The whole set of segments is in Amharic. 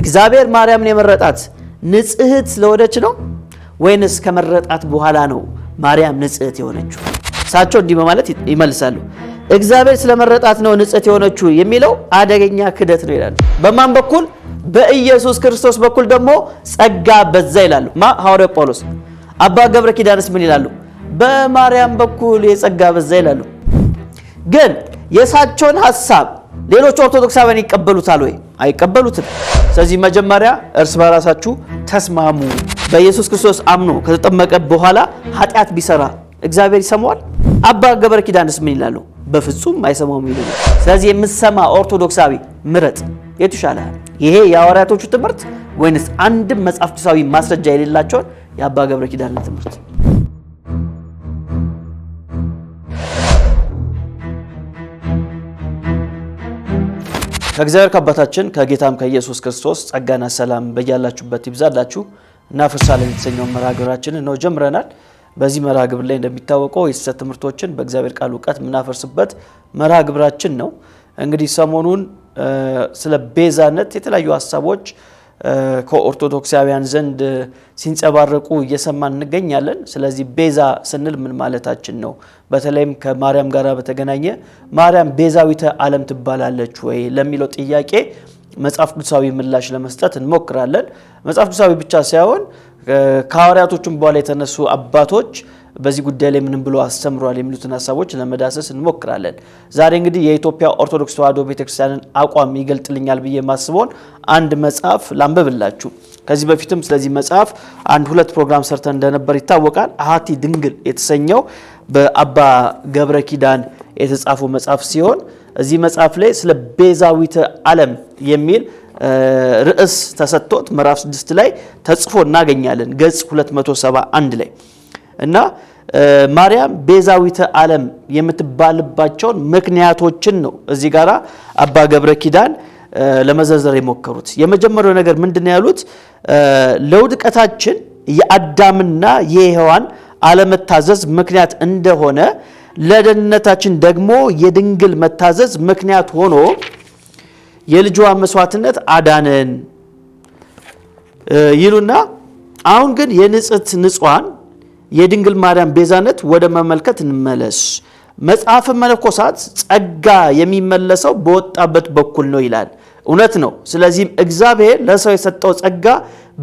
እግዚአብሔር ማርያምን የመረጣት ንጽህት ስለሆነች ነው ወይንስ ከመረጣት በኋላ ነው ማርያም ንጽህት የሆነችው? እሳቸው እንዲህ በማለት ይመልሳሉ። እግዚአብሔር ስለመረጣት ነው ንጽህት የሆነችው የሚለው አደገኛ ክደት ነው ይላሉ። በማን በኩል በኢየሱስ ክርስቶስ በኩል ደግሞ ጸጋ በዛ ይላሉ። ማ ሐዋርያው ጳውሎስ። አባ ገብረ ኪዳንስ ምን ይላሉ? በማርያም በኩል የጸጋ በዛ ይላሉ። ግን የእሳቸውን ሀሳብ ሌሎች ኦርቶዶክሳውያን ይቀበሉታል ወይ? አይቀበሉትም። ስለዚህ መጀመሪያ እርስ በራሳችሁ ተስማሙ። በኢየሱስ ክርስቶስ አምኖ ከተጠመቀ በኋላ ኃጢአት ቢሰራ እግዚአብሔር ይሰማዋል? አባ ገብረ ኪዳንስ ምን ይላሉ? በፍጹም አይሰማውም ይሉ። ስለዚህ የምትሰማ ኦርቶዶክሳዊ ምረጥ፣ የቱ ይሻልሃል? ይሄ የሐዋርያቶቹ ትምህርት ወይንስ አንድም መጽሐፍ ቅዱሳዊ ማስረጃ የሌላቸውን የአባ ገብረ ኪዳን ትምህርት? ከእግዚአብሔር ከአባታችን ከጌታም ከኢየሱስ ክርስቶስ ጸጋና ሰላም በያላችሁበት ይብዛላችሁ። እናፈርሳለን የተሰኘውን መርሃ ግብራችንን ነው ጀምረናል። በዚህ መርሃ ግብር ላይ እንደሚታወቀው የሐሰት ትምህርቶችን በእግዚአብሔር ቃል እውቀት የምናፈርስበት መርሃ ግብራችን ነው። እንግዲህ ሰሞኑን ስለ ቤዛነት የተለያዩ ሀሳቦች ከኦርቶዶክሳውያን ዘንድ ሲንጸባረቁ እየሰማን እንገኛለን። ስለዚህ ቤዛ ስንል ምን ማለታችን ነው? በተለይም ከማርያም ጋር በተገናኘ ማርያም ቤዛዊተ ዓለም ትባላለች ወይ ለሚለው ጥያቄ መጽሐፍ ቅዱሳዊ ምላሽ ለመስጠት እንሞክራለን። መጽሐፍ ቅዱሳዊ ብቻ ሳይሆን ከሐዋርያቶቹም በኋላ የተነሱ አባቶች በዚህ ጉዳይ ላይ ምንም ብሎ አስተምሯል የሚሉትን ሀሳቦች ለመዳሰስ እንሞክራለን። ዛሬ እንግዲህ የኢትዮጵያ ኦርቶዶክስ ተዋሕዶ ቤተክርስቲያንን አቋም ይገልጥልኛል ብዬ ማስበውን አንድ መጽሐፍ ላንብብላችሁ። ከዚህ በፊትም ስለዚህ መጽሐፍ አንድ ሁለት ፕሮግራም ሰርተን እንደነበር ይታወቃል። አሐቲ ድንግል የተሰኘው በአባ ገብረ ኪዳን የተጻፈው መጽሐፍ ሲሆን እዚህ መጽሐፍ ላይ ስለ ቤዛዊተ ዓለም የሚል ርዕስ ተሰጥቶት ምዕራፍ 6 ላይ ተጽፎ እናገኛለን። ገጽ 271 ላይ እና ማርያም ቤዛዊተ ዓለም የምትባልባቸውን ምክንያቶችን ነው እዚህ ጋራ አባ ገብረ ኪዳን ለመዘርዘር የሞከሩት። የመጀመሪያው ነገር ምንድን ነው ያሉት? ለውድቀታችን የአዳምና የሔዋን አለመታዘዝ ምክንያት እንደሆነ ለደህንነታችን ደግሞ የድንግል መታዘዝ ምክንያት ሆኖ የልጇ መስዋዕትነት አዳነን ይሉና አሁን ግን የንጽት ንጽዋን የድንግል ማርያም ቤዛነት ወደ መመልከት እንመለስ። መጽሐፍ መነኮሳት ጸጋ የሚመለሰው በወጣበት በኩል ነው ይላል። እውነት ነው። ስለዚህም እግዚአብሔር ለሰው የሰጠው ጸጋ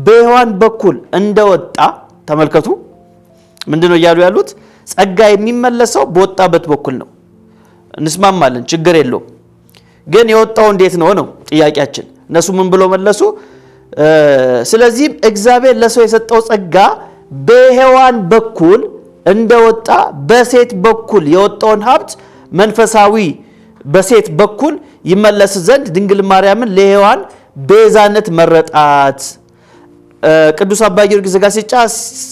በሔዋን በኩል እንደወጣ ተመልከቱ። ምንድን ነው እያሉ ያሉት? ጸጋ የሚመለሰው በወጣበት በኩል ነው። እንስማማለን፣ ችግር የለውም። ግን የወጣው እንዴት ነው ነው ጥያቄያችን። እነሱ ምን ብሎ መለሱ? ስለዚህም እግዚአብሔር ለሰው የሰጠው ጸጋ በሔዋን በኩል እንደወጣ በሴት በኩል የወጣውን ሀብት መንፈሳዊ በሴት በኩል ይመለስ ዘንድ ድንግል ማርያምን ለሔዋን ቤዛነት መረጣት። ቅዱስ አባ ጊዮርጊስ ዘጋስጫ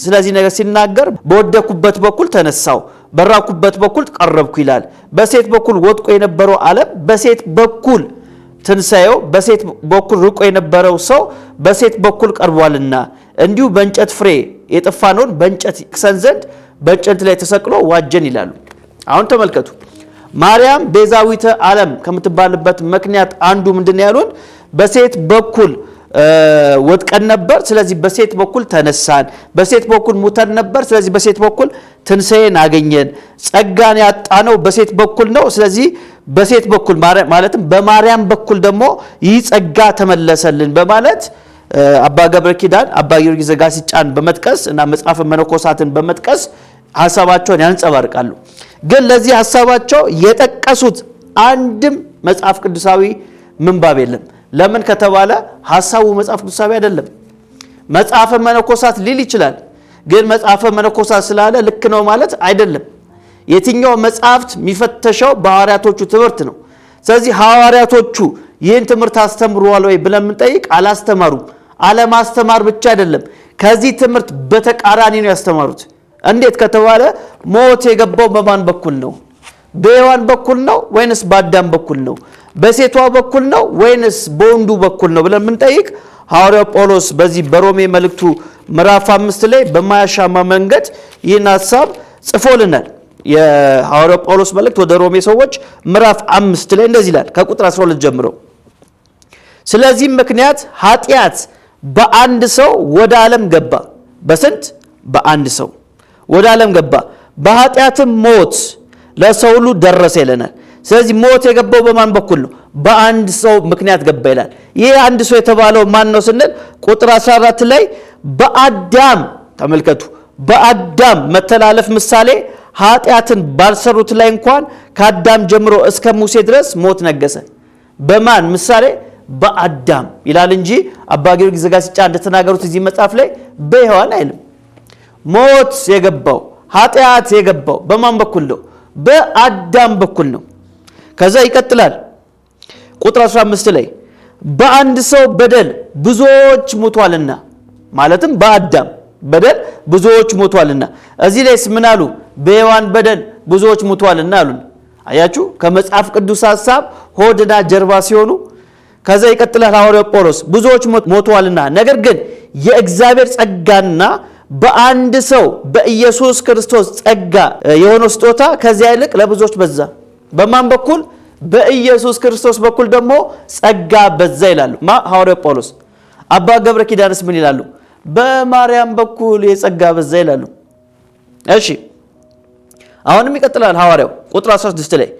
ስለዚህ ነገር ሲናገር በወደኩበት በኩል ተነሳው፣ በራኩበት በኩል ቀረብኩ ይላል። በሴት በኩል ወጥቆ የነበረው ዓለም በሴት በኩል ትንሣኤው በሴት በኩል ርቆ የነበረው ሰው በሴት በኩል ቀርቧልና እንዲሁ በእንጨት ፍሬ የጠፋነውን በእንጨት ይክሰን ዘንድ በእንጨት ላይ ተሰቅሎ ዋጀን ይላሉ። አሁን ተመልከቱ። ማርያም ቤዛዊተ ዓለም ከምትባልበት ምክንያት አንዱ ምንድን ያሉን በሴት በኩል ወጥቀን ነበር፣ ስለዚህ በሴት በኩል ተነሳን። በሴት በኩል ሙተን ነበር፣ ስለዚህ በሴት በኩል ትንሣኤን አገኘን። ጸጋን ያጣነው በሴት በኩል ነው፣ ስለዚህ በሴት በኩል ማለትም በማርያም በኩል ደግሞ ይህ ጸጋ ተመለሰልን በማለት አባ ገብረ ኪዳን አባ ጊዮርጊስ ዘጋስጫን በመጥቀስ እና መጽሐፈ መነኮሳትን በመጥቀስ ሀሳባቸውን ያንጸባርቃሉ። ግን ለዚህ ሀሳባቸው የጠቀሱት አንድም መጽሐፍ ቅዱሳዊ ምንባብ የለም። ለምን ከተባለ ሀሳቡ መጽሐፍ ቅዱሳዊ አይደለም። መጽሐፈ መነኮሳት ሊል ይችላል፣ ግን መጽሐፈ መነኮሳት ስላለ ልክ ነው ማለት አይደለም። የትኛው መጽሐፍት የሚፈተሸው በሐዋርያቶቹ ትምህርት ነው። ስለዚህ ሐዋርያቶቹ ይህን ትምህርት አስተምረዋል ወይ ብለን የምንጠይቅ አላስተማሩም። አለማስተማር ብቻ አይደለም፣ ከዚህ ትምህርት በተቃራኒ ነው ያስተማሩት። እንዴት ከተባለ ሞት የገባው በማን በኩል ነው? በሔዋን በኩል ነው ወይንስ በአዳም በኩል ነው? በሴቷ በኩል ነው ወይንስ በወንዱ በኩል ነው ብለን የምንጠይቅ ሐዋርያው ጳውሎስ በዚህ በሮሜ መልእክቱ ምዕራፍ አምስት ላይ በማያሻማ መንገድ ይህን ሀሳብ ጽፎልናል። የሐዋርያው ጳውሎስ መልእክት ወደ ሮሜ ሰዎች ምዕራፍ አምስት ላይ እንደዚህ ይላል ከቁጥር 12 ጀምሮ ስለዚህም ምክንያት ኃጢአት በአንድ ሰው ወደ ዓለም ገባ። በስንት በአንድ ሰው ወደ ዓለም ገባ፣ በኃጢአትም ሞት ለሰው ሁሉ ደረሰ ይለናል። ስለዚህ ሞት የገባው በማን በኩል ነው? በአንድ ሰው ምክንያት ገባ ይላል። ይህ አንድ ሰው የተባለው ማን ነው ስንል ቁጥር 14 ላይ በአዳም ተመልከቱ፣ በአዳም መተላለፍ ምሳሌ ኃጢአትን ባልሰሩት ላይ እንኳን ከአዳም ጀምሮ እስከ ሙሴ ድረስ ሞት ነገሰ። በማን ምሳሌ በአዳም ይላል እንጂ አባ ጊዮርጊስ ዘጋስጫ እንደተናገሩት እዚህ መጽሐፍ ላይ በሔዋን አይልም። ሞት የገባው ኃጢአት የገባው በማን በኩል ነው? በአዳም በኩል ነው። ከዛ ይቀጥላል ቁጥር 15 ላይ በአንድ ሰው በደል ብዙዎች ሞቷልና፣ ማለትም በአዳም በደል ብዙዎች ሞቷልና። እዚህ ላይስ ምን አሉ? በሔዋን በደል ብዙዎች ሞቷልና አሉን። አያችሁ፣ ከመጽሐፍ ቅዱስ ሀሳብ ሆድና ጀርባ ሲሆኑ ከዛ ይቀጥላል ሐዋርያው ጳውሎስ ብዙዎች ሞተዋልና፣ ነገር ግን የእግዚአብሔር ጸጋና በአንድ ሰው በኢየሱስ ክርስቶስ ጸጋ የሆነው ስጦታ ከዚያ ይልቅ ለብዙዎች በዛ። በማን በኩል? በኢየሱስ ክርስቶስ በኩል ደግሞ ጸጋ በዛ ይላሉ። ማ ሐዋርያው ጳውሎስ። አባ ገብረ ኪዳንስ ምን ይላሉ? በማርያም በኩል የጸጋ በዛ ይላሉ። እሺ አሁንም ይቀጥላል ሐዋርያው ቁጥር 16 ላይ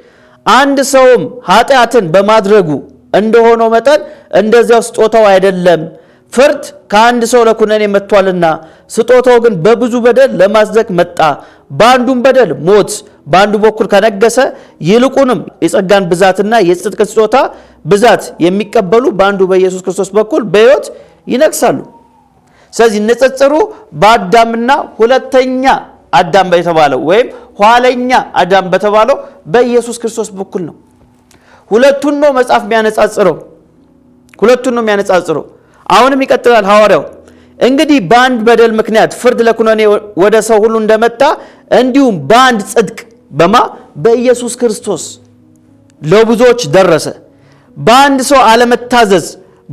አንድ ሰውም ኃጢአትን በማድረጉ እንደሆነው መጠን እንደዚያው ስጦታው አይደለም። ፍርድ ከአንድ ሰው ለኩነኔ መጥቷልና፣ ስጦታው ግን በብዙ በደል ለማጽደቅ መጣ። በአንዱም በደል ሞት በአንዱ በኩል ከነገሰ፣ ይልቁንም የጸጋን ብዛትና የጽድቅ ስጦታ ብዛት የሚቀበሉ በአንዱ በኢየሱስ ክርስቶስ በኩል በሕይወት ይነግሳሉ። ስለዚህ ንጽጽሩ በአዳምና ሁለተኛ አዳም በተባለው ወይም ኋለኛ አዳም በተባለው በኢየሱስ ክርስቶስ በኩል ነው። ሁለቱን ነው መጽሐፍ የሚያነጻጽረው። ሁለቱን ነው የሚያነጻጽረው። አሁንም ይቀጥላል ሐዋርያው እንግዲህ በአንድ በደል ምክንያት ፍርድ ለኩነኔ ወደ ሰው ሁሉ እንደመጣ እንዲሁም በአንድ ጽድቅ በማ በኢየሱስ ክርስቶስ ለብዙዎች ደረሰ። በአንድ ሰው አለመታዘዝ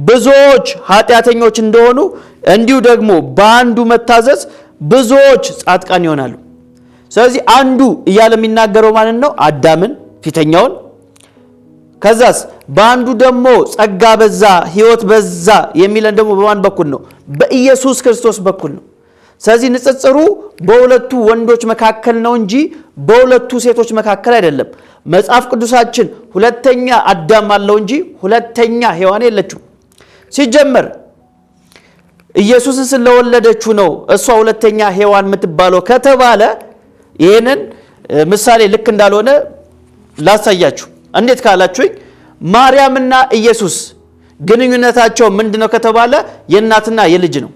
ብዙዎች ኃጢአተኞች እንደሆኑ እንዲሁ ደግሞ በአንዱ መታዘዝ ብዙዎች ጻድቃን ይሆናሉ። ስለዚህ አንዱ እያለ የሚናገረው ማንን ነው? አዳምን ፊተኛውን ከዛስ በአንዱ ደግሞ ጸጋ በዛ ህይወት በዛ የሚለን ደግሞ በማን በኩል ነው? በኢየሱስ ክርስቶስ በኩል ነው። ስለዚህ ንጽጽሩ በሁለቱ ወንዶች መካከል ነው እንጂ በሁለቱ ሴቶች መካከል አይደለም። መጽሐፍ ቅዱሳችን ሁለተኛ አዳም አለው እንጂ ሁለተኛ ሔዋን የለችው። ሲጀመር ኢየሱስን ስለወለደችው ነው እሷ ሁለተኛ ሔዋን የምትባለው ከተባለ ይህንን ምሳሌ ልክ እንዳልሆነ ላሳያችሁ። እንዴት ካላችሁኝ ማርያምና ኢየሱስ ግንኙነታቸው ምንድነው ከተባለ የእናትና የልጅ ነው።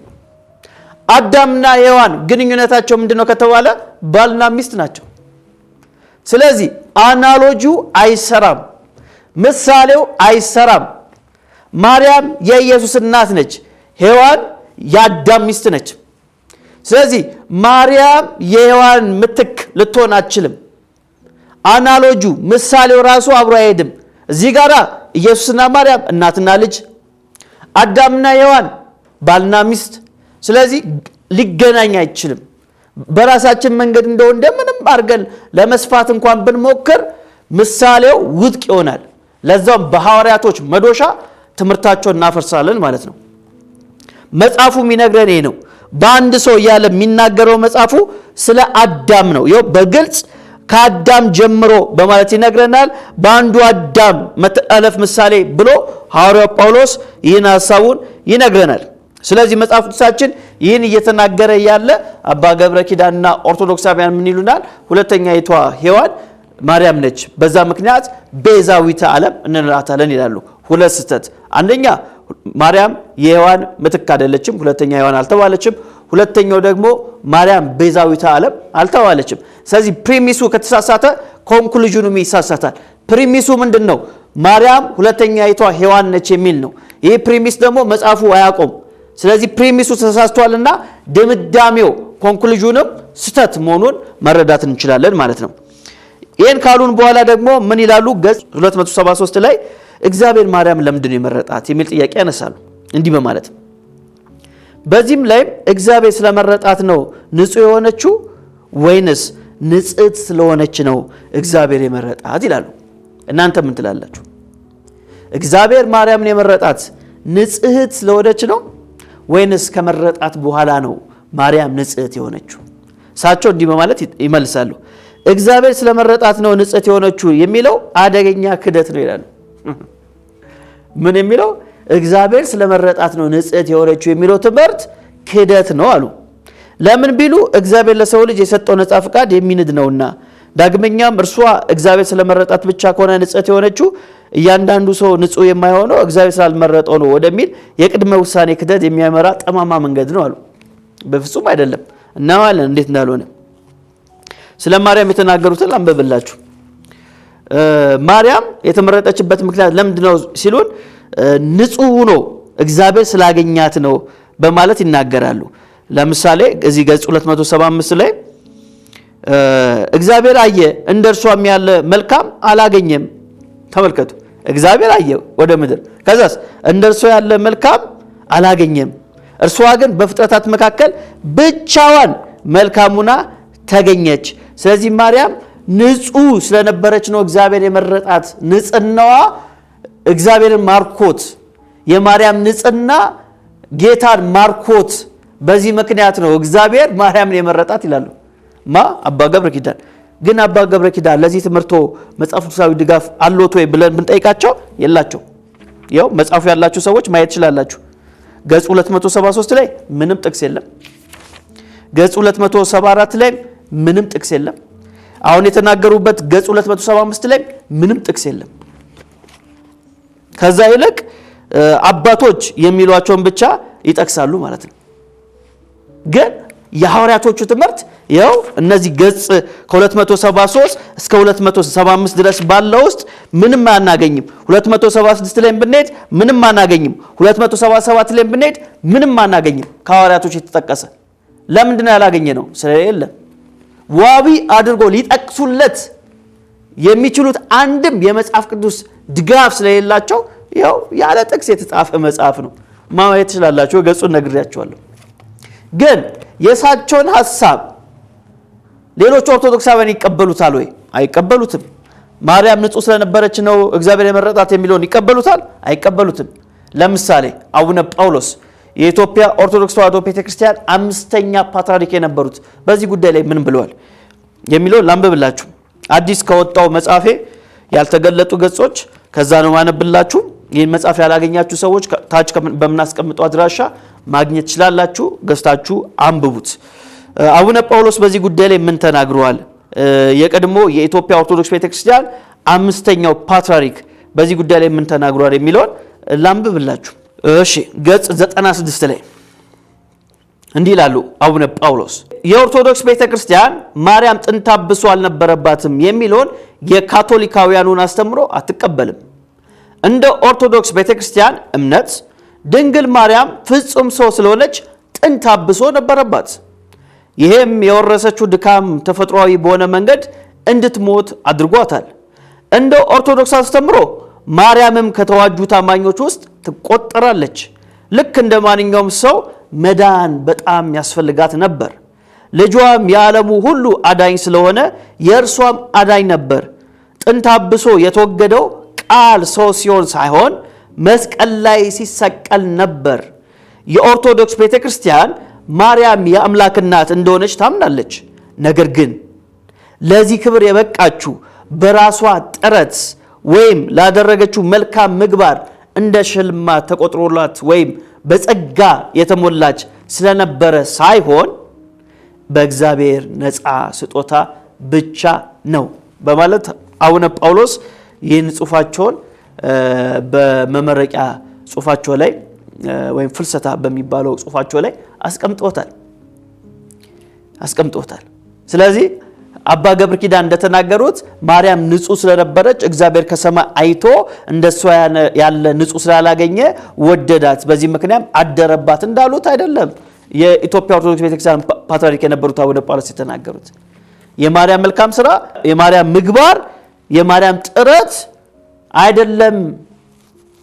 አዳምና ሔዋን ግንኙነታቸው ምንድነው ከተባለ ባልና ሚስት ናቸው። ስለዚህ አናሎጂው አይሰራም፣ ምሳሌው አይሰራም። ማርያም የኢየሱስ እናት ነች፣ ሔዋን የአዳም ሚስት ነች። ስለዚህ ማርያም የሔዋን ምትክ ልትሆን አትችልም። አናሎጁ ምሳሌው ራሱ አብሮ አይሄድም። እዚህ ጋራ ኢየሱስና ማርያም እናትና ልጅ፣ አዳምና ሔዋን ባልና ሚስት። ስለዚህ ሊገናኝ አይችልም። በራሳችን መንገድ እንደው እንደምንም አድርገን ለመስፋት እንኳን ብንሞክር ምሳሌው ውድቅ ይሆናል። ለዛው በሐዋርያቶች መዶሻ ትምህርታቸውን እናፈርሳለን ማለት ነው። መጽሐፉ የሚነግረን ይሄ ነው። በአንድ ሰው እያለ የሚናገረው መጽሐፉ ስለ አዳም ነው። ይኸው በግልጽ ከአዳም ጀምሮ በማለት ይነግረናል። በአንዱ አዳም መተላለፍ ምሳሌ ብሎ ሐዋርያው ጳውሎስ ይህን ሀሳቡን ይነግረናል። ስለዚህ መጽሐፍ ቅዱሳችን ይህን እየተናገረ ያለ አባ ገብረ ኪዳንና ኦርቶዶክሳውያን ምን ይሉናል? ይቷ ሔዋን ማርያም ነች፣ በዛ ምክንያት ቤዛዊተ ዓለም እንላታለን ይላሉ። ሁለት ስህተት አንደኛ ማርያም የሔዋን ምትክ አይደለችም። ሁለተኛ ሔዋን አልተባለችም። ሁለተኛው ደግሞ ማርያም ቤዛዊተ ዓለም አልተባለችም። ስለዚህ ፕሪሚሱ ከተሳሳተ ኮንክሉዥኑም ይሳሳታል። ፕሪሚሱ ምንድን ነው? ማርያም አይቷ ሔዋን ነች የሚል ነው። ይህ ፕሪሚስ ደግሞ መጽሐፉ አያቆም። ስለዚህ ፕሪሚሱ ተሳስቷልና ድምዳሜው ኮንክሉዥኑም ስተት መሆኑን መረዳት እንችላለን ማለት ነው። ይህን ካሉን በኋላ ደግሞ ምን ይላሉ? ገጽ 273 ላይ እግዚአብሔር ማርያም ለምንድን ነው የመረጣት የሚል ጥያቄ ያነሳሉ። እንዲህ በማለት በዚህም ላይም እግዚአብሔር ስለመረጣት ነው ንጹሕ የሆነችው ወይንስ ንጽት ስለሆነች ነው እግዚአብሔር የመረጣት ይላሉ። እናንተ ምን ትላላችሁ? እግዚአብሔር ማርያምን የመረጣት ንጽህት ስለሆነች ነው ወይንስ ከመረጣት በኋላ ነው ማርያም ንጽህት የሆነችው? እሳቸው እንዲህ በማለት ይመልሳሉ። እግዚአብሔር ስለመረጣት ነው ንጽህት የሆነችው የሚለው አደገኛ ክደት ነው ይላሉ። ምን የሚለው እግዚአብሔር ስለመረጣት ነው ንጽሕት የሆነችው የሚለው ትምህርት ክህደት ነው አሉ። ለምን ቢሉ እግዚአብሔር ለሰው ልጅ የሰጠው ነጻ ፍቃድ የሚንድ ነውና። ዳግመኛም እርሷ እግዚአብሔር ስለመረጣት ብቻ ከሆነ ንጽሕት የሆነችው እያንዳንዱ ሰው ንጹሕ የማይሆነው እግዚአብሔር ስላልመረጠው ነው ወደሚል የቅድመ ውሳኔ ክህደት የሚያመራ ጠማማ መንገድ ነው አሉ። በፍጹም አይደለም። እናዋለን እንዴት እንዳልሆነ ስለ ማርያም የተናገሩትን አንብብላችሁ ማርያም የተመረጠችበት ምክንያት ለምንድን ነው ሲሉን፣ ንጹህ ሆኖ እግዚአብሔር ስላገኛት ነው በማለት ይናገራሉ። ለምሳሌ እዚህ ገጽ 275 ላይ እግዚአብሔር አየ እንደ እርሷም ያለ መልካም አላገኘም። ተመልከቱ፣ እግዚአብሔር አየ ወደ ምድር፣ ከዛስ እንደ እርሷ ያለ መልካም አላገኘም። እርሷ ግን በፍጥረታት መካከል ብቻዋን መልካሙና ተገኘች። ስለዚህ ማርያም ንጹህ ስለነበረች ነው እግዚአብሔር የመረጣት። ንጽህናዋ እግዚአብሔርን ማርኮት፣ የማርያም ንጽህና ጌታን ማርኮት። በዚህ ምክንያት ነው እግዚአብሔር ማርያምን የመረጣት ይላሉ ማ አባ ገብረ ኪዳን። ግን አባ ገብረ ኪዳን ለዚህ ትምህርቶ መጽሐፍ ቅዱሳዊ ድጋፍ አሎት ወይ ብለን ብንጠይቃቸው የላቸው። ያው መጽሐፉ ያላችሁ ሰዎች ማየት ትችላላችሁ። ገጽ 273 ላይ ምንም ጥቅስ የለም። ገጽ 274 ላይ ምንም ጥቅስ የለም። አሁን የተናገሩበት ገጽ 275 ላይ ምንም ጥቅስ የለም። ከዛ ይልቅ አባቶች የሚሏቸውን ብቻ ይጠቅሳሉ ማለት ነው። ግን የሐዋርያቶቹ ትምህርት ይኸው እነዚህ ገጽ ከ273 እስከ 275 ድረስ ባለው ውስጥ ምንም አናገኝም። 276 ላይም ብንሄድ ምንም አናገኝም። 277 ላይም ብንሄድ ምንም አናገኝም። ከሐዋርያቶች የተጠቀሰ ለምንድን ነው ያላገኘ ነው? ስለሌለ ዋቢ አድርጎ ሊጠቅሱለት የሚችሉት አንድም የመጽሐፍ ቅዱስ ድጋፍ ስለሌላቸው ያው ያለ ጥቅስ የተጻፈ መጽሐፍ ነው። ማየት ትችላላችሁ። ገጹን ነግሬያችኋለሁ። ግን የእሳቸውን ሀሳብ ሌሎቹ ኦርቶዶክሳውያን ይቀበሉታል ወይ? አይቀበሉትም። ማርያም ንጹሕ ስለነበረች ነው እግዚአብሔር የመረጣት የሚለውን ይቀበሉታል? አይቀበሉትም። ለምሳሌ አቡነ ጳውሎስ የኢትዮጵያ ኦርቶዶክስ ተዋሕዶ ቤተክርስቲያን አምስተኛ ፓትርያርክ የነበሩት በዚህ ጉዳይ ላይ ምን ብለዋል የሚለው ላንብብላችሁ። አዲስ ከወጣው መጽሐፌ ያልተገለጡ ገጾች ከዛ ነው ማነብላችሁ። ይህን መጽሐፍ ያላገኛችሁ ሰዎች ታች በምናስቀምጠው አድራሻ ማግኘት ትችላላችሁ። ገዝታችሁ አንብቡት። አቡነ ጳውሎስ በዚህ ጉዳይ ላይ ምን ተናግረዋል? የቀድሞ የኢትዮጵያ ኦርቶዶክስ ቤተክርስቲያን አምስተኛው ፓትርያርክ በዚህ ጉዳይ ላይ ምን ተናግረዋል የሚለውን ላንብብላችሁ። እሺ ገጽ 96 ላይ እንዲህ ይላሉ አቡነ ጳውሎስ የኦርቶዶክስ ቤተ ክርስቲያን ማርያም ጥንተ አብሶ አልነበረባትም የሚለውን የካቶሊካውያኑን አስተምሮ አትቀበልም። እንደ ኦርቶዶክስ ቤተ ክርስቲያን እምነት ድንግል ማርያም ፍጹም ሰው ስለሆነች ጥንተ አብሶ ነበረባት። ይህም የወረሰችው ድካም ተፈጥሯዊ በሆነ መንገድ እንድትሞት አድርጓታል። እንደ ኦርቶዶክስ አስተምሮ ማርያምም ከተዋጁ ታማኞች ውስጥ ትቆጠራለች። ልክ እንደ ማንኛውም ሰው መዳን በጣም ያስፈልጋት ነበር። ልጇም የዓለሙ ሁሉ አዳኝ ስለሆነ የእርሷም አዳኝ ነበር። ጥንታብሶ አብሶ የተወገደው ቃል ሰው ሲሆን ሳይሆን መስቀል ላይ ሲሰቀል ነበር። የኦርቶዶክስ ቤተ ክርስቲያን ማርያም የአምላክ እናት እንደሆነች ታምናለች። ነገር ግን ለዚህ ክብር የበቃችው በራሷ ጥረት ወይም ላደረገችው መልካም ምግባር እንደ ሽልማት ተቆጥሮላት ወይም በጸጋ የተሞላች ስለነበረ ሳይሆን በእግዚአብሔር ነፃ ስጦታ ብቻ ነው በማለት አቡነ ጳውሎስ ይህን ጽሁፋቸውን በመመረቂያ ጽሁፋቸው ላይ ወይም ፍልሰታ በሚባለው ጽሁፋቸው ላይ አስቀምጦታል አስቀምጦታል። ስለዚህ አባ ገብር ኪዳን እንደተናገሩት ማርያም ንጹህ ስለነበረች እግዚአብሔር ከሰማይ አይቶ እንደሷ ያለ ንጹህ ስላላገኘ ወደዳት፣ በዚህ ምክንያት አደረባት እንዳሉት አይደለም። የኢትዮጵያ ኦርቶዶክስ ቤተክርስቲያን ፓትርያርክ የነበሩት አቡነ ጳውሎስ የተናገሩት የማርያም መልካም ስራ፣ የማርያም ምግባር፣ የማርያም ጥረት አይደለም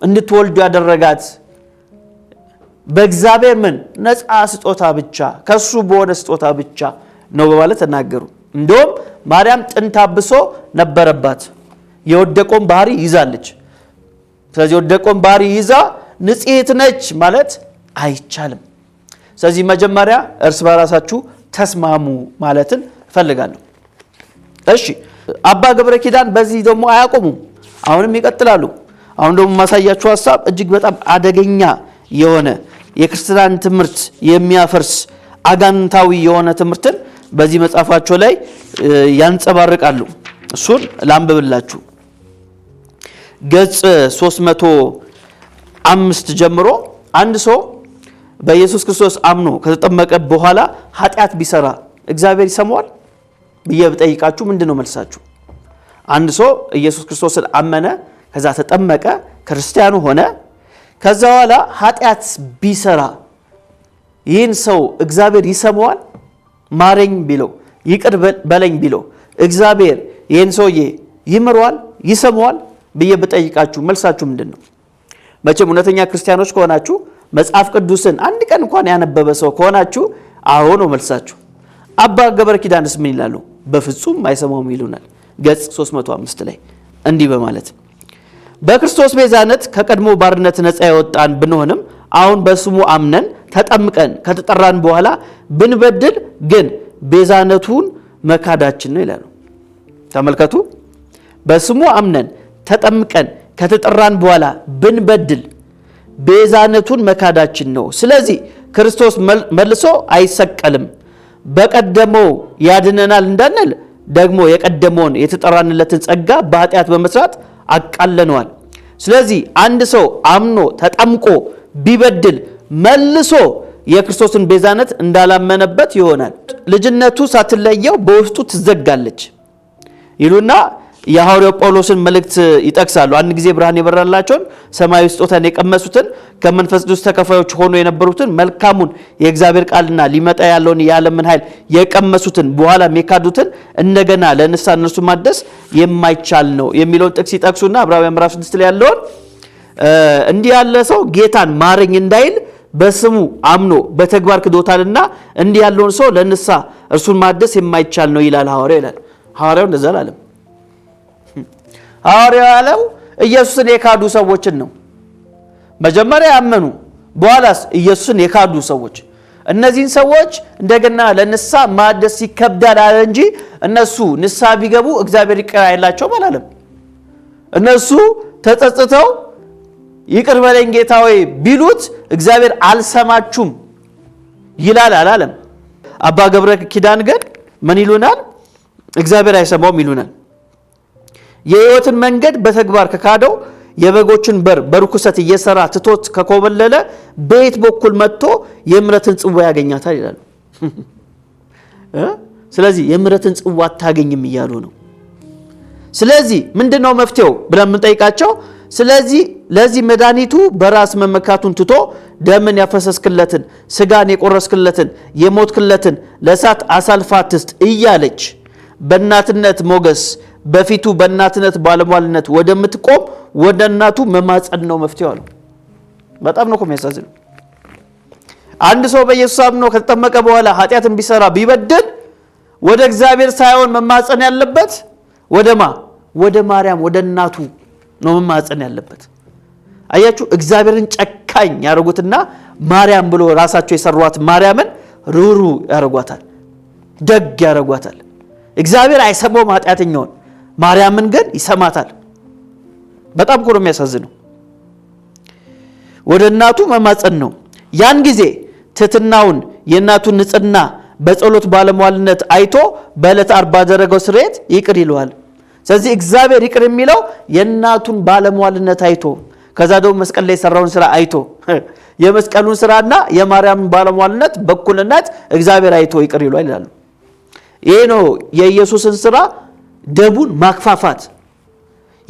እንድትወልዱ ያደረጋት በእግዚአብሔር ምን ነፃ ስጦታ ብቻ ከሱ በሆነ ስጦታ ብቻ ነው በማለት ተናገሩ። እንዲሁም ማርያም ጥንተ አብሶ ነበረባት፣ የወደቀውን ባህሪ ይዛለች። ስለዚህ የወደቀውን ባህሪ ይዛ ንጽሕት ነች ማለት አይቻልም። ስለዚህ መጀመሪያ እርስ በራሳችሁ ተስማሙ ማለትን እፈልጋለሁ። እሺ አባ ገብረ ኪዳን በዚህ ደግሞ አያቆሙም፣ አሁንም ይቀጥላሉ። አሁን ደግሞ ማሳያችሁ ሀሳብ እጅግ በጣም አደገኛ የሆነ የክርስትናን ትምህርት የሚያፈርስ አጋንታዊ የሆነ ትምህርትን በዚህ መጽሐፋቸው ላይ ያንጸባርቃሉ። እሱን ላንብብላችሁ። ገጽ 305 ጀምሮ አንድ ሰው በኢየሱስ ክርስቶስ አምኖ ከተጠመቀ በኋላ ኃጢአት ቢሰራ እግዚአብሔር ይሰማዋል ብዬ ብጠይቃችሁ ምንድን ነው መልሳችሁ? አንድ ሰው ኢየሱስ ክርስቶስን አመነ፣ ከዛ ተጠመቀ፣ ክርስቲያኑ ሆነ። ከዛ በኋላ ኃጢአት ቢሰራ ይህን ሰው እግዚአብሔር ይሰማዋል? ማረኝ ቢለው ይቅር በለኝ ቢለው እግዚአብሔር ይህን ሰውዬ ይምረዋል? ይሰማዋል ብዬ ብጠይቃችሁ መልሳችሁ ምንድን ነው? መቼም እውነተኛ ክርስቲያኖች ከሆናችሁ መጽሐፍ ቅዱስን አንድ ቀን እንኳን ያነበበ ሰው ከሆናችሁ አዎ ነው መልሳችሁ። አባ ገበረ ኪዳንስ ምን ይላሉ? በፍጹም አይሰማውም ይሉናል። ገጽ 305 ላይ እንዲህ በማለት በክርስቶስ ቤዛነት ከቀድሞ ባርነት ነፃ የወጣን ብንሆንም አሁን በስሙ አምነን ተጠምቀን ከተጠራን በኋላ ብንበድል ግን ቤዛነቱን መካዳችን ነው ይላሉ። ተመልከቱ። በስሙ አምነን ተጠምቀን ከተጠራን በኋላ ብንበድል ቤዛነቱን መካዳችን ነው። ስለዚህ ክርስቶስ መልሶ አይሰቀልም። በቀደመው ያድነናል እንዳንል ደግሞ የቀደመውን የተጠራንለትን ጸጋ በኃጢአት በመስራት አቃለነዋል። ስለዚህ አንድ ሰው አምኖ ተጠምቆ ቢበድል መልሶ የክርስቶስን ቤዛነት እንዳላመነበት ይሆናል። ልጅነቱ ሳትለየው በውስጡ ትዘጋለች ይሉና የሐዋርያው ጳውሎስን መልእክት ይጠቅሳሉ። አንድ ጊዜ ብርሃን የበራላቸውን ሰማያዊ ስጦታን የቀመሱትን ከመንፈስ ቅዱስ ተከፋዮች ሆኖ የነበሩትን መልካሙን የእግዚአብሔር ቃልና ሊመጣ ያለውን የዓለምን ኃይል የቀመሱትን በኋላ የካዱትን እንደገና ለንሳ እነርሱ ማደስ የማይቻል ነው የሚለውን ጥቅስ ይጠቅሱና ዕብራውያን ምዕራፍ 6 ላይ ያለውን እንዲህ ያለ ሰው ጌታን ማረኝ እንዳይል በስሙ አምኖ በተግባር ክዶታልና እንዲህ ያለውን ሰው ለንሳ እርሱን ማደስ የማይቻል ነው ይላል ሐዋርያው ይላል። ሐዋርያው እንደዛ አላለም። ሐዋርያው ያለው ኢየሱስን የካዱ ሰዎችን ነው። መጀመሪያ ያመኑ በኋላስ ኢየሱስን የካዱ ሰዎች እነዚህን ሰዎች እንደገና ለንሳ ማደስ ይከብዳል አለ እንጂ እነሱ ንሳ ቢገቡ እግዚአብሔር ይቅር አይላቸውም አላለም። እነሱ ተጸጽተው ይቅር በለኝ ጌታ ወይ ቢሉት እግዚአብሔር አልሰማችሁም ይላል አላለም። አባ ገብረ ኪዳን ግን ምን ይሉናል? እግዚአብሔር አይሰማውም ይሉናል። የህይወትን መንገድ በተግባር ከካደው የበጎችን በር በርኩሰት እየሰራ ትቶት ከኮበለለ በየት በኩል መጥቶ የምረትን ጽዋ ያገኛታል ይላሉ። ስለዚህ የምረትን ጽዋ አታገኝም እያሉ ነው። ስለዚህ ምንድን ነው መፍትሄው ብለን የምንጠይቃቸው ስለዚህ ለዚህ መድኃኒቱ በራስ መመካቱን ትቶ ደምን ያፈሰስክለትን ስጋን የቆረስክለትን የሞትክለትን ለእሳት አሳልፋ ትስጥ እያለች በእናትነት ሞገስ በፊቱ በእናትነት ባለሟልነት ወደምትቆም ወደ እናቱ መማፀን ነው መፍትሄዋ ነው። በጣም ነው እኮ አንድ ሰው በኢየሱስ አምኖ ከተጠመቀ በኋላ ኃጢአትን ቢሰራ ቢበድል ወደ እግዚአብሔር ሳይሆን መማፀን ያለበት ወደማ ወደ ማርያም ወደ እናቱ ነው መማፀን ያለበት። አያችሁ፣ እግዚአብሔርን ጨካኝ ያደረጉትና ማርያም ብሎ ራሳቸው የሰሯት ማርያምን ሩሩ ያደረጓታል፣ ደግ ያደረጓታል። እግዚአብሔር አይሰማው ኃጢአተኛውን፣ ማርያምን ግን ይሰማታል። በጣም እኮ የሚያሳዝነው። ወደ እናቱ መማፀን ነው። ያን ጊዜ ትትናውን የእናቱን ንጽህና በጸሎት ባለሟልነት አይቶ በዕለት አርባ ባደረገው ስርየት ይቅር ይለዋል። ስለዚህ እግዚአብሔር ይቅር የሚለው የእናቱን ባለሟልነት አይቶ ከዛ ደግሞ መስቀል ላይ የሰራውን ስራ አይቶ የመስቀሉን ስራና የማርያምን ባለሟልነት በኩልነት እግዚአብሔር አይቶ ይቅር ይሏል ይላሉ። ይሄ ነው የኢየሱስን ስራ ደቡን ማክፋፋት።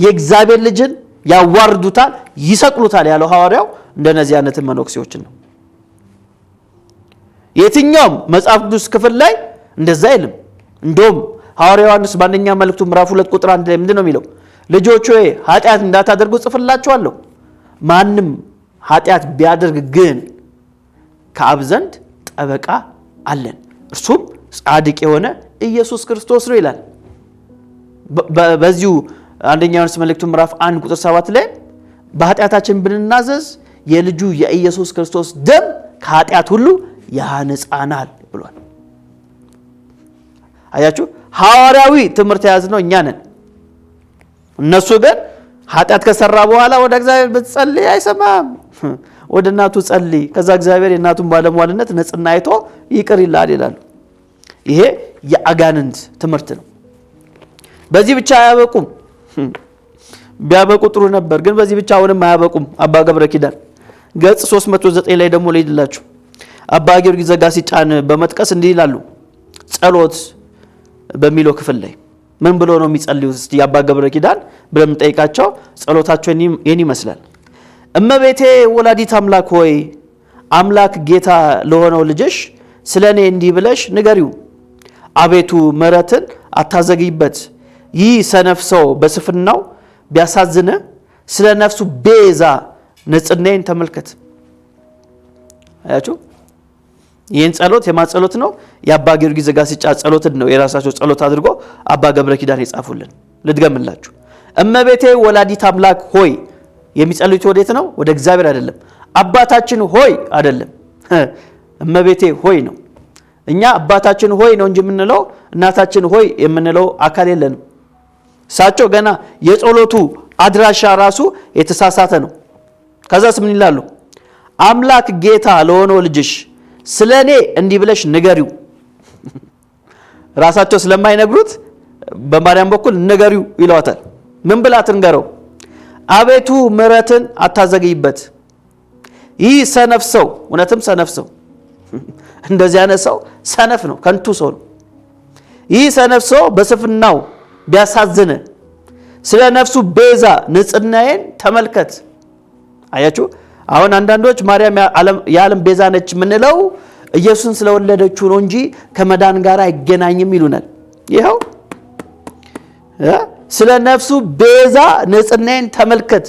የእግዚአብሔር ልጅን ያዋርዱታል፣ ይሰቅሉታል ያለው ሐዋርያው እንደነዚህ አይነት መነኩሴዎችን ነው። የትኛውም መጽሐፍ ቅዱስ ክፍል ላይ እንደዛ አይልም። እንደውም ሐዋርያ ዮሐንስ በአንደኛ መልእክቱ ምዕራፍ ሁለት ቁጥር አንድ ላይ ምንድን ነው የሚለው? ልጆች ሆይ ኃጢአት እንዳታደርጉ ጽፍላችኋለሁ። ማንም ኃጢአት ቢያደርግ ግን ከአብ ዘንድ ጠበቃ አለን፣ እርሱም ጻድቅ የሆነ ኢየሱስ ክርስቶስ ነው ይላል። በዚሁ አንደኛ ዮሐንስ መልእክቱ ምዕራፍ አንድ ቁጥር ሰባት ላይ በኃጢአታችን ብንናዘዝ የልጁ የኢየሱስ ክርስቶስ ደም ከኃጢአት ሁሉ ያነጻናል ብሏል። አያችሁ። ሐዋርያዊ ትምህርት የያዝነው እኛ ነን። እነሱ ግን ኃጢአት ከሰራ በኋላ ወደ እግዚአብሔር ብትጸልይ አይሰማም። ወደ እናቱ ጸልይ፣ ከዛ እግዚአብሔር የእናቱን ባለሟልነት ንጽሕና አይቶ ይቅር ይላል ይላሉ። ይሄ የአጋንንት ትምህርት ነው። በዚህ ብቻ አያበቁም። ቢያበቁ ጥሩ ነበር፣ ግን በዚህ ብቻ አሁንም አያበቁም። አባ ገብረ ኪዳን ገጽ 309 ላይ ደግሞ ልሂድላችሁ። አባ ጊዮርጊስ ዘጋስጫን በመጥቀስ እንዲህ ይላሉ ጸሎት በሚለው ክፍል ላይ ምን ብሎ ነው የሚጸልዩት? እስቲ የአባ ገብረ ኪዳን ብለን ጠይቃቸው፣ ጸሎታቸው ይህን ይመስላል። እመቤቴ ወላዲት አምላክ ሆይ አምላክ ጌታ ለሆነው ልጅሽ ስለ እኔ እንዲህ ብለሽ ንገሪው። አቤቱ ምሕረትን አታዘግይበት። ይህ ሰነፍ ሰው በስፍናው ቢያሳዝነ ስለ ነፍሱ ቤዛ ንጽሕናዬን ተመልከት። አያችሁ ይህን ጸሎት የማ ጸሎት ነው? የአባ ጊዮርጊስ ዘጋስጫ ጸሎትን ነው የራሳቸው ጸሎት አድርጎ አባ ገብረ ኪዳን የጻፉልን። ልድገምላችሁ። እመቤቴ ወላዲት አምላክ ሆይ የሚጸልዩት ወዴት ነው? ወደ እግዚአብሔር አይደለም። አባታችን ሆይ አይደለም፣ እመቤቴ ሆይ ነው። እኛ አባታችን ሆይ ነው እንጂ የምንለው እናታችን ሆይ የምንለው አካል የለንም። እሳቸው ገና የጸሎቱ አድራሻ ራሱ የተሳሳተ ነው። ከዛስ ምን ይላሉ? አምላክ ጌታ ለሆነው ልጅሽ ስለ እኔ እንዲህ ብለሽ ንገሪው። ራሳቸው ስለማይነግሩት በማርያም በኩል ንገሪው ይለዋታል። ምን ብላ ትንገረው? አቤቱ ምሕረትን አታዘግይበት። ይህ ሰነፍ ሰው እውነትም ሰነፍ ሰው፣ እንደዚህ አይነት ሰው ሰነፍ ነው፣ ከንቱ ሰው ነው። ይህ ሰነፍ ሰው በስፍናው ቢያሳዝን ስለ ነፍሱ ቤዛ ንጽሕናዬን ተመልከት። አያችሁ አሁን አንዳንዶች ማርያም የዓለም ቤዛ ነች የምንለው ኢየሱስን ስለወለደችው ነው እንጂ ከመዳን ጋር አይገናኝም ይሉናል። ይኸው ስለ ነፍሱ ቤዛ ንጽሕናዬን ተመልከት።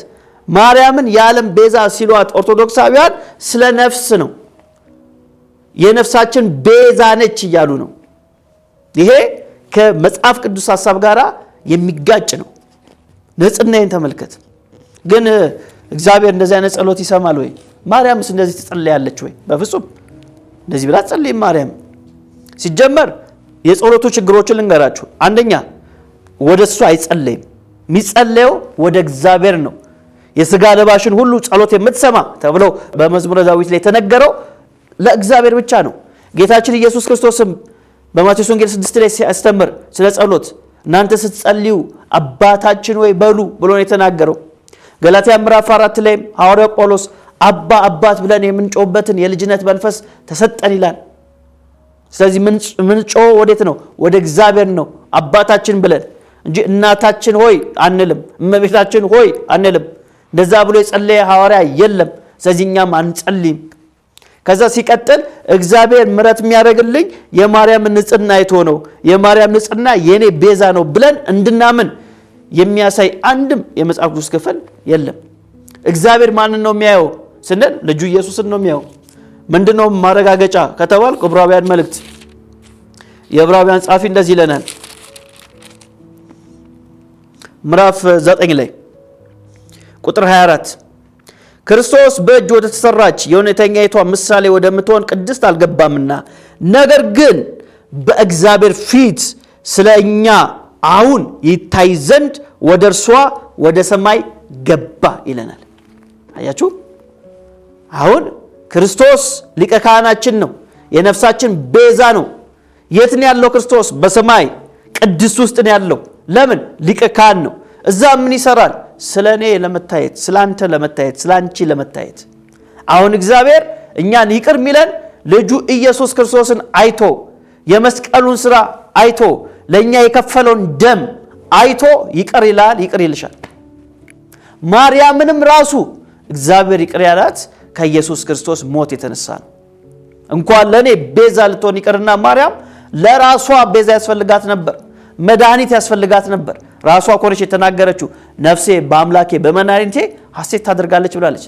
ማርያምን የዓለም ቤዛ ሲሏት ኦርቶዶክሳዊያን ስለ ነፍስ ነው የነፍሳችን ቤዛ ነች እያሉ ነው። ይሄ ከመጽሐፍ ቅዱስ ሀሳብ ጋር የሚጋጭ ነው። ንጽሕናዬን ተመልከት ግን እግዚአብሔር እንደዚህ አይነት ጸሎት ይሰማል ወይ? ማርያምስ እንደዚህ ትጸልያለች ወይ? በፍጹም እንደዚህ ብላ ትጸልይም። ማርያም ሲጀመር የጸሎቱ ችግሮችን ልንገራችሁ። አንደኛ ወደ እሱ አይጸለይም፣ የሚጸለየው ወደ እግዚአብሔር ነው። የስጋ ለባሽን ሁሉ ጸሎት የምትሰማ ተብሎ በመዝሙረ ዳዊት ላይ የተነገረው ለእግዚአብሔር ብቻ ነው። ጌታችን ኢየሱስ ክርስቶስም በማቴዎስ ወንጌል ስድስት ላይ ሲያስተምር ስለ ጸሎት እናንተ ስትጸልዩ አባታችን ወይ በሉ ብሎ ነው የተናገረው። ገላትያ ምዕራፍ አራት ላይ ሐዋርያ ጳውሎስ አባ አባት ብለን የምንጮበትን የልጅነት መንፈስ ተሰጠን ይላል። ስለዚህ ምንጮ ወዴት ነው? ወደ እግዚአብሔር ነው፣ አባታችን ብለን እንጂ እናታችን ሆይ አንልም፣ እመቤታችን ሆይ አንልም። እንደዛ ብሎ የጸለየ ሐዋርያ የለም። ስለዚህ እኛም አንጸልይም። ከዛ ሲቀጥል እግዚአብሔር ምረት የሚያደርግልኝ የማርያም ንጽህና አይቶ ነው፣ የማርያም ንጽህና የእኔ ቤዛ ነው ብለን እንድናምን የሚያሳይ አንድም የመጽሐፍ ቅዱስ ክፍል የለም። እግዚአብሔር ማንን ነው የሚያየው ስንል ልጁ ኢየሱስን ነው የሚያየው። ምንድነው ማረጋገጫ ከተባል ዕብራውያን መልእክት የዕብራውያን ጸሐፊ እንደዚህ ይለናል ምዕራፍ 9 ላይ ቁጥር 24 ክርስቶስ በእጅ ወደ ተሰራች የእውነተኛይቷ ምሳሌ ወደምትሆን ቅድስት አልገባምና ነገር ግን በእግዚአብሔር ፊት ስለ እኛ አሁን ይታይ ዘንድ ወደ እርሷ ወደ ሰማይ ገባ ይለናል። አያችሁ፣ አሁን ክርስቶስ ሊቀ ካህናችን ነው፣ የነፍሳችን ቤዛ ነው። የት ነው ያለው ክርስቶስ? በሰማይ ቅድስት ውስጥ ነው ያለው። ለምን? ሊቀ ካህን ነው። እዛ ምን ይሰራል? ስለ እኔ ለመታየት፣ ስለ አንተ ለመታየት፣ ስለ አንቺ ለመታየት። አሁን እግዚአብሔር እኛን ይቅር ሚለን ልጁ ኢየሱስ ክርስቶስን አይቶ የመስቀሉን ስራ አይቶ ለእኛ የከፈለውን ደም አይቶ ይቅር ይላል፣ ይቅር ይልሻል። ማርያምንም ራሱ እግዚአብሔር ይቅር ያላት ከኢየሱስ ክርስቶስ ሞት የተነሳ ነው። እንኳን ለእኔ ቤዛ ልትሆን ይቅርና ማርያም ለራሷ ቤዛ ያስፈልጋት ነበር፣ መድኃኒት ያስፈልጋት ነበር። ራሷ ኮነች የተናገረችው ነፍሴ በአምላኬ በመድኃኒቴ ሐሴት ታደርጋለች ብላለች።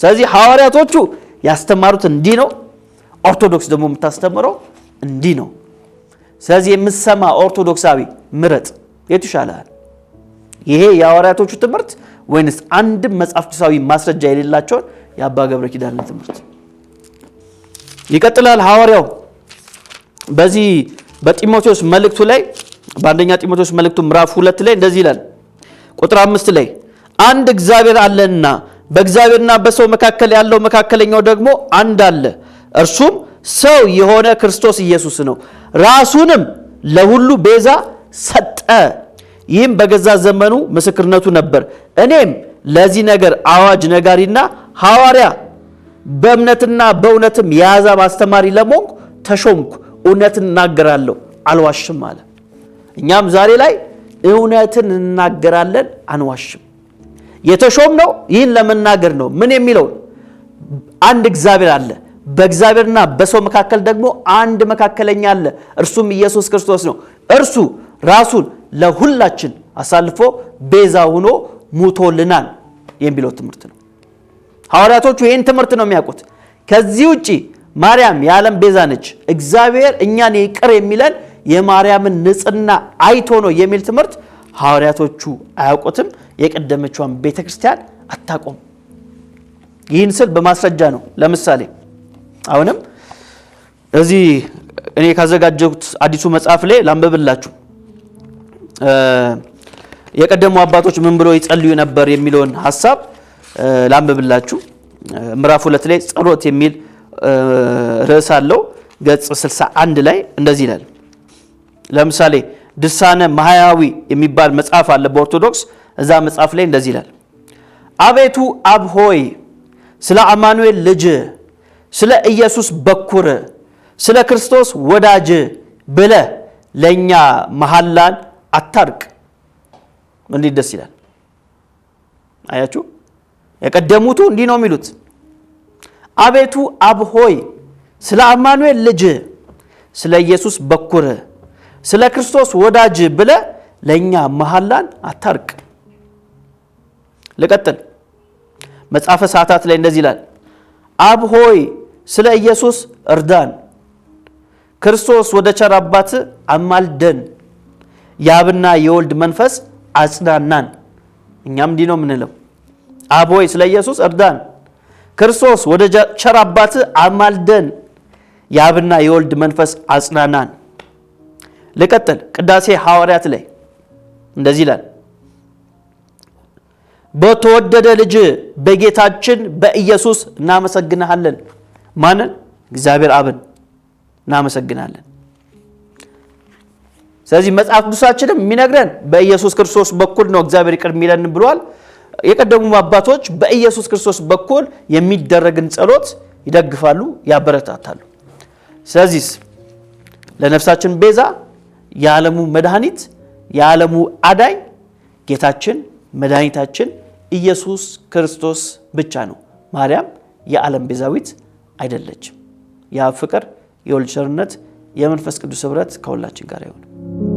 ስለዚህ ሐዋርያቶቹ ያስተማሩት እንዲህ ነው። ኦርቶዶክስ ደግሞ የምታስተምረው እንዲህ ነው። ስለዚህ የምሰማ ኦርቶዶክሳዊ ምረጥ፣ የቱ ይሻልሃል? ይሄ የሐዋርያቶቹ ትምህርት ወይንስ አንድም መጽሐፍ ቅዱሳዊ ማስረጃ የሌላቸውን የአባ ገብረ ኪዳን ትምህርት? ይቀጥላል። ሐዋርያው በዚህ በጢሞቴዎስ መልእክቱ ላይ በአንደኛ ጢሞቴዎስ መልእክቱ ምዕራፍ ሁለት ላይ እንደዚህ ይላል ቁጥር አምስት ላይ አንድ እግዚአብሔር አለና በእግዚአብሔርና በሰው መካከል ያለው መካከለኛው ደግሞ አንድ አለ እርሱም ሰው የሆነ ክርስቶስ ኢየሱስ ነው። ራሱንም ለሁሉ ቤዛ ሰጠ። ይህም በገዛ ዘመኑ ምስክርነቱ ነበር። እኔም ለዚህ ነገር አዋጅ ነጋሪና ሐዋርያ በእምነትና በእውነትም የአሕዛብ አስተማሪ ለመሆንኩ ተሾምኩ። እውነትን እናገራለሁ አልዋሽም አለ። እኛም ዛሬ ላይ እውነትን እናገራለን አንዋሽም። የተሾም ነው ይህን ለመናገር ነው። ምን የሚለው አንድ እግዚአብሔር አለ በእግዚአብሔርና በሰው መካከል ደግሞ አንድ መካከለኛ አለ፣ እርሱም ኢየሱስ ክርስቶስ ነው። እርሱ ራሱን ለሁላችን አሳልፎ ቤዛ ሆኖ ሙቶልናል የሚለው ትምህርት ነው። ሐዋርያቶቹ ይህን ትምህርት ነው የሚያውቁት። ከዚህ ውጭ ማርያም የዓለም ቤዛ ነች፣ እግዚአብሔር እኛን ይቅር የሚለን የማርያምን ንጽህና አይቶ ነው የሚል ትምህርት ሐዋርያቶቹ አያውቁትም። የቀደመችዋን ቤተ ክርስቲያን አታቆም። ይህን ስል በማስረጃ ነው። ለምሳሌ አሁንም እዚህ እኔ ካዘጋጀሁት አዲሱ መጽሐፍ ላይ ላንበብላችሁ። የቀደሙ አባቶች ምን ብሎ ይጸልዩ ነበር የሚለውን ሀሳብ ላንብብላችሁ ምዕራፍ ሁለት ላይ ጸሎት የሚል ርዕስ አለው። ገጽ 61 ላይ እንደዚህ ይላል። ለምሳሌ ድርሳነ ማህያዊ የሚባል መጽሐፍ አለ በኦርቶዶክስ። እዛ መጽሐፍ ላይ እንደዚህ ይላል። አቤቱ አብ ሆይ ስለ አማኑኤል ልጅ ስለ ኢየሱስ በኩር ስለ ክርስቶስ ወዳጅ ብለ ለእኛ መሐላን አታርቅ። እንዲህ ደስ ይላል። አያችሁ፣ የቀደሙቱ እንዲህ ነው የሚሉት፣ አቤቱ አብ ሆይ ስለ አማኑኤል ልጅ ስለ ኢየሱስ በኩር ስለ ክርስቶስ ወዳጅ ብለ ለእኛ መሐላን አታርቅ። ልቀጥል። መጽሐፈ ሰዓታት ላይ እንደዚህ ይላል አብ ሆይ ስለ ኢየሱስ እርዳን፣ ክርስቶስ ወደ ቸር አባት አማልደን፣ የአብና የወልድ መንፈስ አጽናናን። እኛም እንዲህ ነው የምንለው፣ አብ ሆይ ስለ ኢየሱስ እርዳን፣ ክርስቶስ ወደ ቸር አባት አማልደን፣ የአብና የወልድ መንፈስ አጽናናን። ልቀጥል። ቅዳሴ ሐዋርያት ላይ እንደዚህ ይላል በተወደደ ልጅ በጌታችን በኢየሱስ እናመሰግንሃለን። ማንን? እግዚአብሔር አብን እናመሰግናለን። ስለዚህ መጽሐፍ ቅዱሳችንም የሚነግረን በኢየሱስ ክርስቶስ በኩል ነው እግዚአብሔር ይቅር የሚለን ብሏል። የቀደሙ አባቶች በኢየሱስ ክርስቶስ በኩል የሚደረግን ጸሎት ይደግፋሉ፣ ያበረታታሉ። ስለዚህ ለነፍሳችን ቤዛ፣ የዓለሙ መድኃኒት፣ የዓለሙ አዳኝ ጌታችን መድኃኒታችን ኢየሱስ ክርስቶስ ብቻ ነው። ማርያም የዓለም ቤዛዊት አይደለችም። የአብ ፍቅር፣ የወልድ ቸርነት፣ የመንፈስ ቅዱስ ኅብረት ከሁላችን ጋር ይሁን።